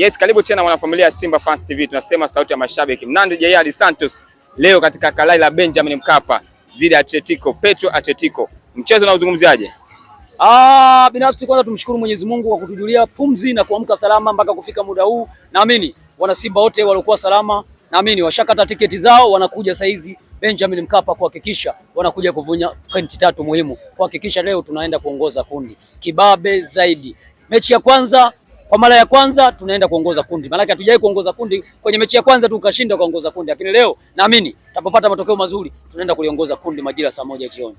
Yes, karibu tena mwanafamilia Simba Fans TV, tunasema sauti ya mashabiki. Mnandi Jayali Santos leo katika kalai la Benjamin Mkapa dhidi ya Atletico Petro Atletico, mchezo na uzungumziaje? Ah, binafsi kwanza tumshukuru Mwenyezi Mungu kwa kutujulia pumzi na kuamka salama mpaka kufika muda huu. Naamini wanasimba wote waliokuwa salama, naamini washakata tiketi zao, wanakuja saizi Benjamin Mkapa kuhakikisha wanakuja kuvunya pointi tatu muhimu, kuhakikisha leo tunaenda kuongoza kundi kibabe zaidi. Mechi ya kwanza kwa mara ya kwanza tunaenda kuongoza kundi, yake hatujawai kuongoza kundi. Kwenye mechi ya kwanza tu ukashinda kuongoza kundi, lakini leo naamini tutapopata matokeo mazuri tunaenda kuliongoza kundi majira saa moja jioni.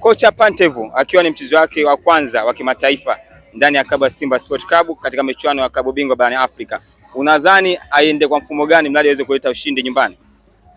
Kocha Pantevu akiwa ni mchezo wake wa kwanza wa kimataifa ndani ya klabu ya Simba Sport Club katika michuano ya klabu bingwa barani Afrika, unadhani aende kwa mfumo gani mradi aweze kuleta ushindi nyumbani?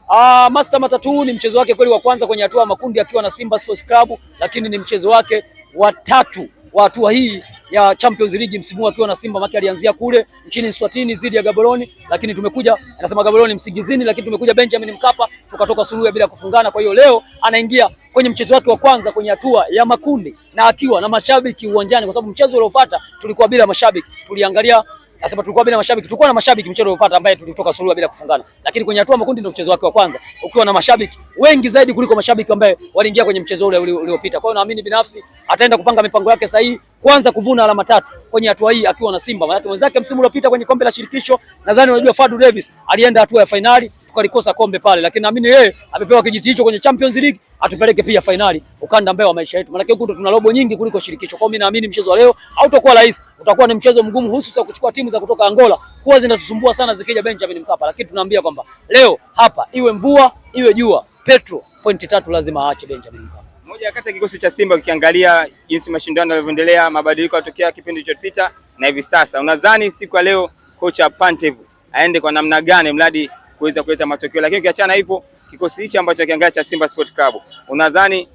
Ah, Master Matatu ni mchezo wake kweli wa kwanza kwenye hatua ya makundi akiwa na Simba Sports Club, lakini ni mchezo wake wa tatu wa hatua hii ya Champions League msimu akiwa na Simba maki alianzia kule nchini Swatini zidi ya Gaborone, lakini tumekuja anasema Gaborone msigizini, lakini tumekuja Benjamin Mkapa tukatoka suluhu bila kufungana. Kwa hiyo leo anaingia kwenye mchezo wake wa kwanza kwenye hatua ya makundi na akiwa na mashabiki uwanjani, kwa sababu mchezo uliofuata tulikuwa bila mashabiki, tuliangalia Nasema tulikuwa bila mashabiki, tulikuwa na mashabiki mchezo uliopata ambaye tulitoka suluhu bila kufungana. Lakini kwenye hatua makundi ndio mchezo wake wa kwanza ukiwa na mashabiki wengi zaidi kuliko mashabiki ambao waliingia kwenye mchezo ule uliopita. Kwa hiyo naamini binafsi ataenda kupanga mipango yake sahihi kwanza kuvuna alama tatu kwenye hatua hii akiwa na Simba. Maana wenzake msimu uliopita kwenye kombe la shirikisho nadhani unajua Fadu Davis alienda hatua ya fainali tukalikosa kombe pale, lakini naamini yeye amepewa kijiti hicho kwenye Champions League atupeleke pia fainali ukanda mbaya wa maisha yetu, maana huko tuna robo nyingi kuliko shirikisho. Kwa mimi naamini mchezo wa leo hautakuwa rahisi, utakuwa ni mchezo mgumu, hususan kuchukua timu za kutoka Angola huwa zinatusumbua sana zikija Benjamin Mkapa, lakini tunaambia kwamba leo hapa iwe mvua iwe jua, Petro pointi tatu lazima aache Benjamin Mkapa. Moja kati ya kikosi cha Simba ukiangalia jinsi mashindano yanavyoendelea, mabadiliko yatokea kipindi kilichopita na hivi sasa, unadhani siku ya leo kocha Pantev aende kwa namna gani mradi kuweza kuleta matokeo. Lakini ukiachana hivyo, kikosi hichi ambacho kiangalia cha Simba Sport Club, unadhani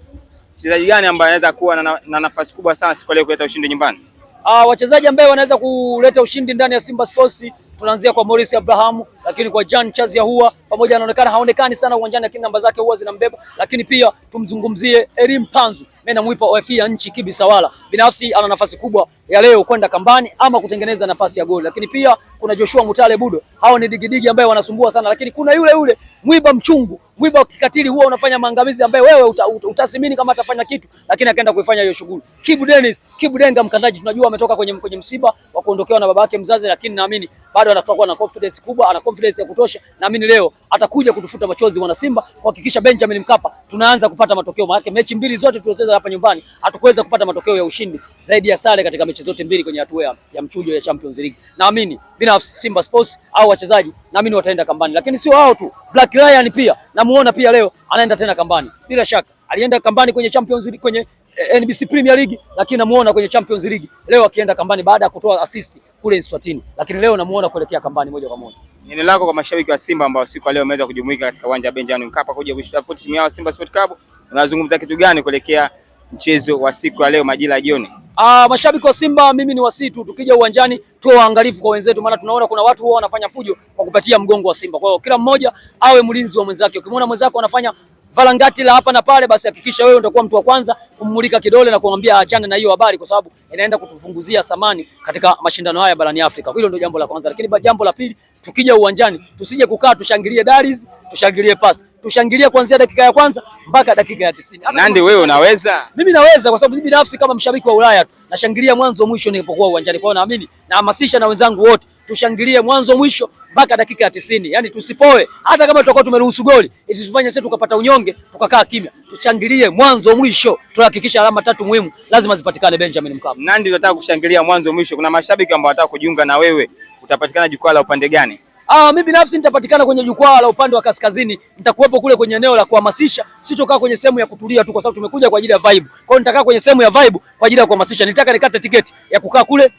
mchezaji gani ambaye anaweza kuwa na, na nafasi kubwa sana siku leo kuleta ushindi nyumbani? Ah, wachezaji ambao wanaweza kuleta ushindi ndani ya Simba Sports tunaanzia kwa Morris Abraham, lakini kwa Jan Chazia huwa pamoja, anaonekana haonekani sana uwanjani, lakini namba zake huwa zinambeba. Lakini pia tumzungumzie Erim Panzu, mimi namuipa OF ya nchi Kibi Sawala, binafsi ana nafasi kubwa ya leo kwenda kambani ama kutengeneza nafasi ya goli. Lakini pia kuna Joshua Mutale Budo, hao ni digidigi ambaye wanasumbua sana, lakini kuna yule yule mwiba mchungu mwiba kikatili huwa unafanya maangamizi ambaye wewe uta, uta, utasimini kama atafanya kitu, lakini akaenda kuifanya hiyo shughuli. Kibu Dennis, Kibu Denga mkandaji tunajua ametoka kwenye, kwenye msiba kuondokewa na babake mzazi, lakini naamini bado anakuwa na confidence kubwa, ana confidence ya kutosha. Naamini leo atakuja kutufuta machozi wana Simba kuhakikisha Benjamin Mkapa tunaanza kupata matokeo, maana mechi mbili zote tulizocheza hapa nyumbani hatukuweza kupata matokeo ya ushindi zaidi ya sare katika mechi zote mbili kwenye hatua ya, ya mchujo ya Champions League. Naamini binafsi Simba Sports au wachezaji naamini wataenda kambani, lakini sio hao tu, Black Lion pia namuona pia leo anaenda tena kambani, bila shaka alienda kambani kwenye Champions League kwenye NBC Premier League, lakini namuona kwenye Champions League leo akienda kambani baada ya kutoa assist kule Eswatini, lakini leo namuona kuelekea kambani moja kwa moja. Neno lako kwa mashabiki wa Simba ambao siku leo wameweza kujumuika katika uwanja wa Benjamin Mkapa kuja kushuhudia timu yao Simba Sport Club, unazungumza kitu gani kuelekea mchezo wa siku ya leo majira ya jioni? Ah, mashabiki wa Simba, mimi ni wasii tu, tukija uwanjani tuwe waangalifu kwa wenzetu, maana tunaona kuna watu wao wanafanya fujo kwa kupatia mgongo wa Simba. Kwa hiyo kila mmoja awe mlinzi wa mwenzake. Ukimwona mwenzako anafanya varangati la hapa na pale, basi hakikisha wewe utakuwa mtu wa kwanza kummulika kidole na kumwambia achane na hiyo habari, kwa sababu inaenda kutufunguzia thamani katika mashindano haya barani Afrika. Hilo ndio jambo la kwanza, lakini jambo la pili, tukija uwanjani tusije kukaa tushangilie daris, tushangilie pasi, tushangilie kuanzia dakika ya kwanza mpaka dakika ya 90. Nandi, wewe unaweza, mimi naweza, kwa sababu mimi binafsi kama mshabiki wa Ulaya tu nashangilia mwanzo mwisho nilipokuwa uwanjani kwao. Naamini nahamasisha na wenzangu wote tushangilie mwanzo mwisho mpaka dakika ya tisini, yani tusipoe. Hata kama tutakuwa tumeruhusu goli, ititufanya sisi tukapata unyonge tukakaa kimya. Tushangilie mwanzo mwisho, tuhakikisha alama tatu muhimu lazima zipatikane Benjamin Mkapa. ndio tunataka kushangilia mwanzo mwisho. Kuna mashabiki ambao wanataka kujiunga na wewe, utapatikana jukwaa la upande gani? Ah, mimi binafsi nitapatikana kwenye jukwaa la upande wa kaskazini, nitakuwepo kule kwenye eneo la kuhamasisha, sitokaa kwenye sehemu ya kutulia tu, kwa sababu tumekuja kwa ajili ya vibe. Kwa hiyo nitakaa kwenye sehemu ya vibe kwa ajili ya kuhamasisha. Nitaka nikate tiketi ya kukaa kule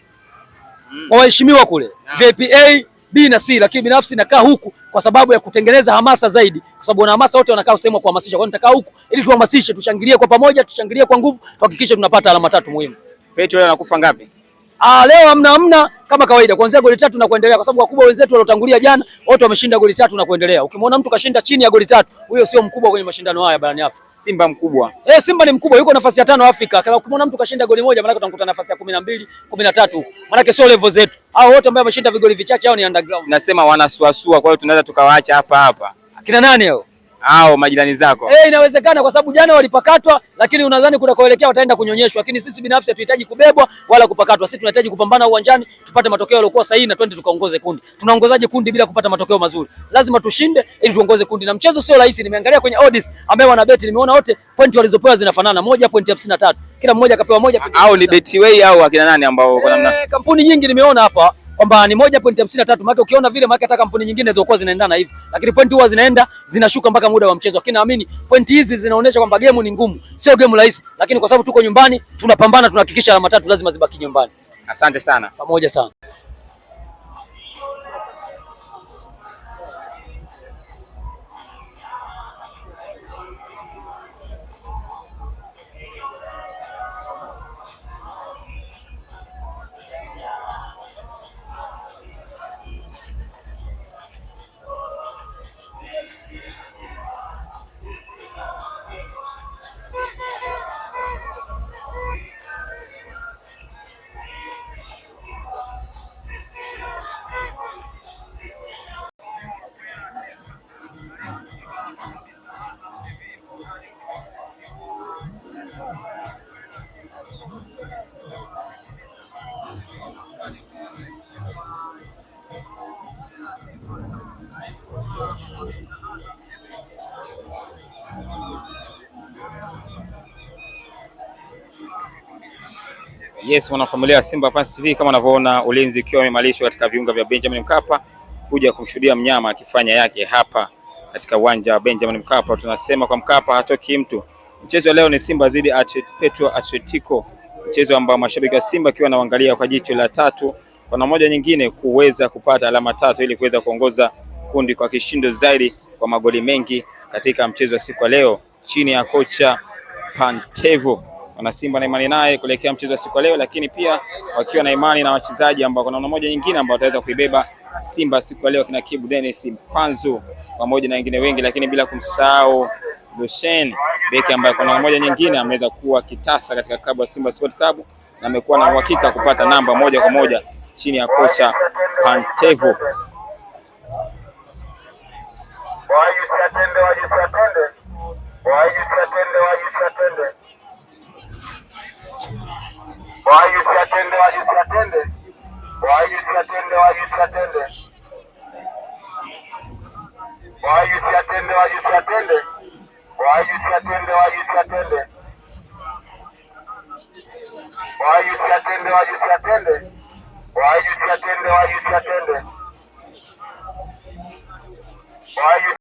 kwa mm. waheshimiwa kule VIP A, B na C, lakini binafsi nakaa huku kwa sababu ya kutengeneza hamasa zaidi, kwa sababu na hamasa wote wanakaa sehemu kuhamasisha. Kwa hiyo nitakaa huku ili tuhamasishe, tushangilie kwa pamoja, tushangilie kwa nguvu, tuhakikishe tunapata alama tatu muhimu. Petro anakufa ngapi? Ah, leo amna amna kama kawaida kuanzia goli tatu na kuendelea, kwa sababu wakubwa wenzetu waliotangulia jana wote wameshinda goli tatu na kuendelea. Ukimwona mtu kashinda chini ya goli tatu, huyo sio mkubwa kwenye mashindano haya barani Afrika. Simba mkubwa. Eh, Simba ni mkubwa, yuko nafasi ya tano Afrika. Kama ukimwona mtu kashinda goli moja, maana utamkuta nafasi ya 12, 13. Maana sio level zetu. Hao wote ambao wameshinda vigoli vichache hao ni underground. Nasema wanasuasua, kwa hiyo tunaweza tukawaacha hapa hapa. Akina nani hao? au majirani zako. Eh, Hey, inawezekana kwa sababu jana walipakatwa, lakini unadhani kuna kuelekea wataenda kunyonyeshwa, lakini sisi binafsi hatuhitaji kubebwa wala kupakatwa. Sisi tunahitaji kupambana uwanjani tupate matokeo yaliokuwa sahihi na twende tukaongoze kundi. Tunaongozaje kundi bila kupata matokeo mazuri? Lazima tushinde ili tuongoze kundi, na mchezo sio rahisi. Nimeangalia kwenye odds ambayo wana beti, nimeona wote pointi walizopewa zinafanana, moja pointi hamsini na tatu kila mmoja akapewa moja. Au ni Betway au akina nani ambao kwa namna, eh, kampuni nyingi nimeona hapa kwamba ni moja pointi hamsini na tatu maana ukiona vile, maana hata kampuni nyingine zilikuwa zinaendana hivi, lakini pointi huwa zinaenda zinashuka mpaka muda wa mchezo. Lakini naamini pointi hizi zinaonyesha kwamba game ni ngumu, sio game rahisi, lakini kwa sababu tuko nyumbani tunapambana, tunahakikisha alama tatu lazima zibaki nyumbani. Asante sana, pamoja sana. Yes, mwanafamilia wa Simba Fans TV, kama unavyoona ulinzi ukiwa umemalishwa katika viunga vya Benjamin Mkapa kuja kumshuhudia mnyama akifanya yake hapa katika uwanja wa Benjamin Mkapa. Tunasema kwa Mkapa hatoki mtu. Mchezo wa leo ni Simba dhidi ya Petro Atletico, mchezo ambao mashabiki wa Simba akiwa wanaangalia kwa jicho la tatu kwa moja nyingine kuweza kupata alama tatu ili kuweza kuongoza kundi kwa kishindo zaidi kwa magoli mengi katika mchezo wa siku ya leo chini ya kocha Pantevo. Wana Simba na imani naye kuelekea mchezo wa siku ya leo, lakini pia wakiwa na imani na wachezaji ambao kwa namna moja nyingine ambao wataweza kuibeba Simba siku ya leo, kina Kibu Dennis Mpanzu pamoja na wengine wengi, lakini bila kumsahau Lushen beki ambaye kwa namba moja nyingine ameweza kuwa kitasa katika klabu ya Simba Sport Club na amekuwa na uhakika kupata namba moja kwa moja chini ya kocha Pantevo. Why you sit there? Why you sit there? Why you sit there? Why you sit there? Why you Why you sit there? Why you